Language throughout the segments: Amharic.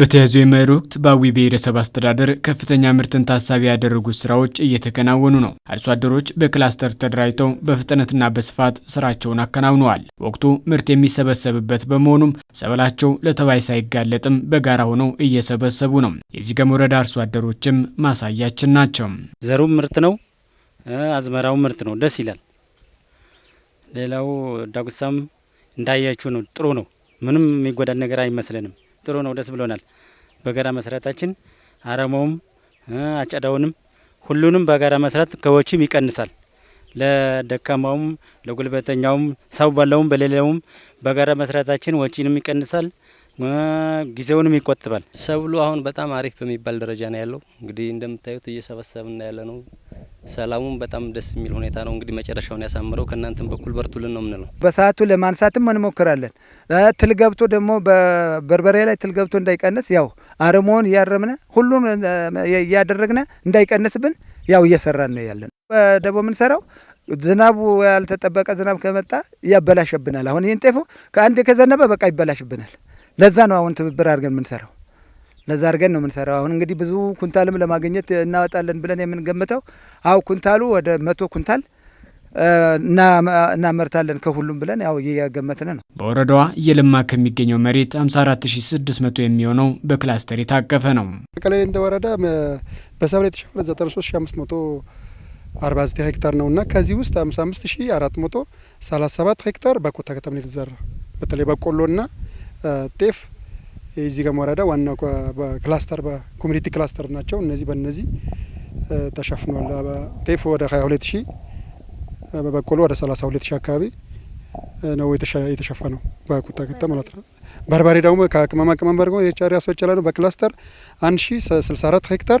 በተያዘው የመኸር ወቅት በአዊ ብሔረሰብ አስተዳደር ከፍተኛ ምርትን ታሳቢ ያደረጉ ስራዎች እየተከናወኑ ነው። አርሶ አደሮች በክላስተር ተደራጅተው በፍጥነትና በስፋት ስራቸውን አከናውነዋል። ወቅቱ ምርት የሚሰበሰብበት በመሆኑም ሰብላቸው ለተባይ ሳይጋለጥም በጋራ ሆነው እየሰበሰቡ ነው። የዚገም ወረዳ አርሶ አደሮችም ማሳያችን ናቸው። ዘሩም ምርት ነው፣ አዝመራው ምርት ነው። ደስ ይላል። ሌላው ዳጉሳም እንዳያችሁ ነው። ጥሩ ነው። ምንም የሚጎዳን ነገር አይመስለንም። ጥሩ ነው፣ ደስ ብሎናል። በጋራ መስራታችን አረማውም አጨዳውንም ሁሉንም በጋራ መስራት ከወጪም ይቀንሳል። ለደካማውም ለጉልበተኛውም ሰው ባለውም በሌለውም በጋራ መስራታችን ወጪንም ይቀንሳል፣ ጊዜውንም ይቆጥባል። ሰብሉ አሁን በጣም አሪፍ በሚባል ደረጃ ነው ያለው። እንግዲህ እንደምታዩት እየሰበሰብ ያለ ነው። ሰላሙም በጣም ደስ የሚል ሁኔታ ነው። እንግዲህ መጨረሻውን ያሳምረው። ከእናንተም በኩል በርቱልን ነው የምንለው። በሰዓቱ ለማንሳትም እንሞክራለን። ትል ገብቶ ደግሞ በበርበሬ ላይ ትል ገብቶ እንዳይቀንስ ያው አረሞውን እያረምነ ሁሉን እያደረግነ እንዳይቀንስብን ያው እየሰራን ነው ያለን። በደቦ የምንሰራው ዝናቡ ያልተጠበቀ ዝናብ ከመጣ ያበላሸብናል። አሁን ይህን ጤፎ ከአንድ ከዘነበ በቃ ይበላሽብናል። ለዛ ነው አሁን ትብብር አድርገን የምንሰራው። ለዛ አድርገን ነው የምንሰራው። አሁን እንግዲህ ብዙ ኩንታልም ለማግኘት እናወጣለን ብለን የምንገምተው አው ኩንታሉ ወደ መቶ ኩንታል እናመርታለን ከሁሉም ብለን ያው እየገመትን ነው። በወረዳዋ እየለማ ከሚገኘው መሬት 54600 የሚሆነው በክላስተር የታቀፈ ነው። መቀሌ እንደ ወረዳ በሰብል የተሸፈነ 93549 ሄክታር ነው እና ከዚህ ውስጥ 55437 ሄክታር በኮታ ከተማ የተዘራ በተለይ በቆሎና ጤፍ የዚህ ጋር ወረዳ ዋና ክላስተር በኮሚኒቲ ክላስተር ናቸው። እነዚህ በእነዚህ ተሸፍኗል። ጤፍ ወደ 22 ሺህ በበቆሎ ወደ 32 ሺህ አካባቢ ነው የተሸፈነው በኩታ ገጠ ማለት ነው። በርበሬ ደግሞ ከቅመማ ቅመም በርጎ የቻሪያ ሰው ይችላል። በክላስተር 1064 ሄክታር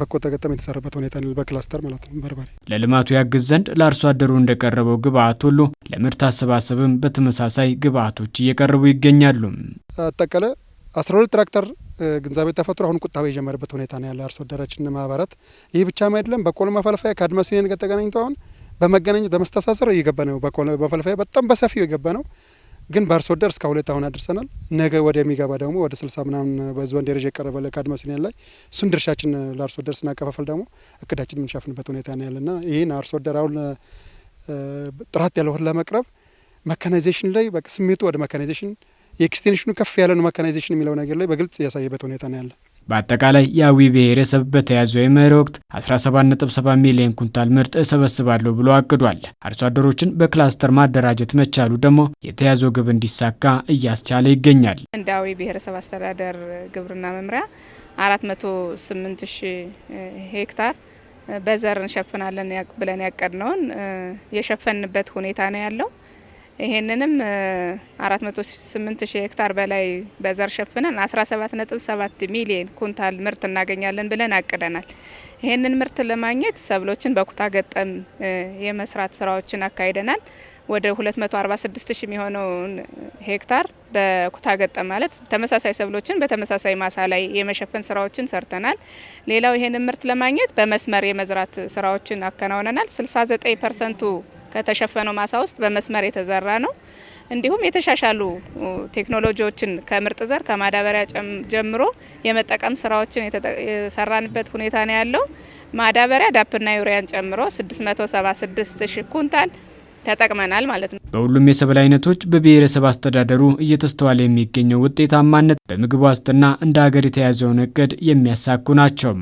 በኩታ ገጠም የተሰራበት ሁኔታ ነው። በክላስተር ማለት ነው። በርበሬ ለልማቱ ያግዝ ዘንድ ለአርሶ አደሩ እንደቀረበው ግብአት ሁሉ ለምርት አሰባሰብም በተመሳሳይ ግብአቶች እየቀረቡ ይገኛሉ። አጠቃላይ አስራ ሁለት ትራክተር ግንዛቤ ተፈጥሮ አሁን ቁጣ የጀመረበት ሁኔታ ነው ያለ አርሶ አደራችን ማህበራት። ይህ ብቻም አይደለም። በቆሎ መፈልፈያ ከአድማስ ዩኒየን ጋር ተገናኝቶ አሁን በመገናኘት በመስተሳሰር እየገባ ነው። በቆሎ መፈልፈያ በጣም በሰፊው የገባ ነው፣ ግን በአርሶ አደር እስከ ሁለት አሁን አድርሰናል። ነገ ወደሚገባ ደግሞ ወደ ስልሳ ምናምን በዞን ደረጃ የቀረበ ከአድማስ ዩኒየን ላይ እሱን ድርሻችን ለአርሶ አደር ስናከፋፈል ደግሞ እቅዳችን የምንሸፍንበት ሁኔታ ነው ያለና ይህን አርሶ አደር አሁን ጥራት ያለው ለመቅረብ መካናይዜሽን ላይ ስሜቱ ወደ መካናይዜሽን የኤክስቴንሽኑ ከፍ ያለ መካናይዜሽን የሚለው ነገር ላይ በግልጽ ያሳየበት ሁኔታ ነው ያለ። በአጠቃላይ የአዊ ብሔረሰብ በተያዘው የመኸር ወቅት 177 ሚሊዮን ኩንታል ምርት እሰበስባለሁ ብሎ አቅዷል። አርሶ አደሮችን በክላስተር ማደራጀት መቻሉ ደግሞ የተያዘው ግብ እንዲሳካ እያስቻለ ይገኛል። እንደ አዊ ብሔረሰብ አስተዳደር ግብርና መምሪያ 408 ሺህ ሄክታር በዘር እንሸፍናለን ብለን ያቀድነውን የሸፈንበት ሁኔታ ነው ያለው። ይሄንንም 408 ሺህ ሄክታር በላይ በዘር ሸፍነን 17.7 ሚሊዮን ኩንታል ምርት እናገኛለን ብለን አቅደናል። ይሄንን ምርት ለማግኘት ሰብሎችን በኩታ ገጠም የመስራት ስራዎችን አካሂደናል። ወደ 246 ሺህ የሚሆነውን ሄክታር በኩታ ገጠም ማለት ተመሳሳይ ሰብሎችን በተመሳሳይ ማሳ ላይ የመሸፈን ስራዎችን ሰርተናል። ሌላው ይሄንን ምርት ለማግኘት በመስመር የመዝራት ስራዎችን አከናውነናል። 69 ፐርሰንቱ ከተሸፈነው ማሳ ውስጥ በመስመር የተዘራ ነው። እንዲሁም የተሻሻሉ ቴክኖሎጂዎችን ከምርጥ ዘር ከማዳበሪያ ጀምሮ የመጠቀም ስራዎችን የሰራንበት ሁኔታ ነው ያለው። ማዳበሪያ ዳፕና ዩሪያን ጨምሮ 676 ኩንታል ተጠቅመናል ማለት ነው። በሁሉም የሰብል አይነቶች በብሔረሰብ አስተዳደሩ እየተስተዋለ የሚገኘው ውጤታማነት በምግብ ዋስትና እንደ ሀገር የተያዘውን እቅድ የሚያሳኩ ናቸው።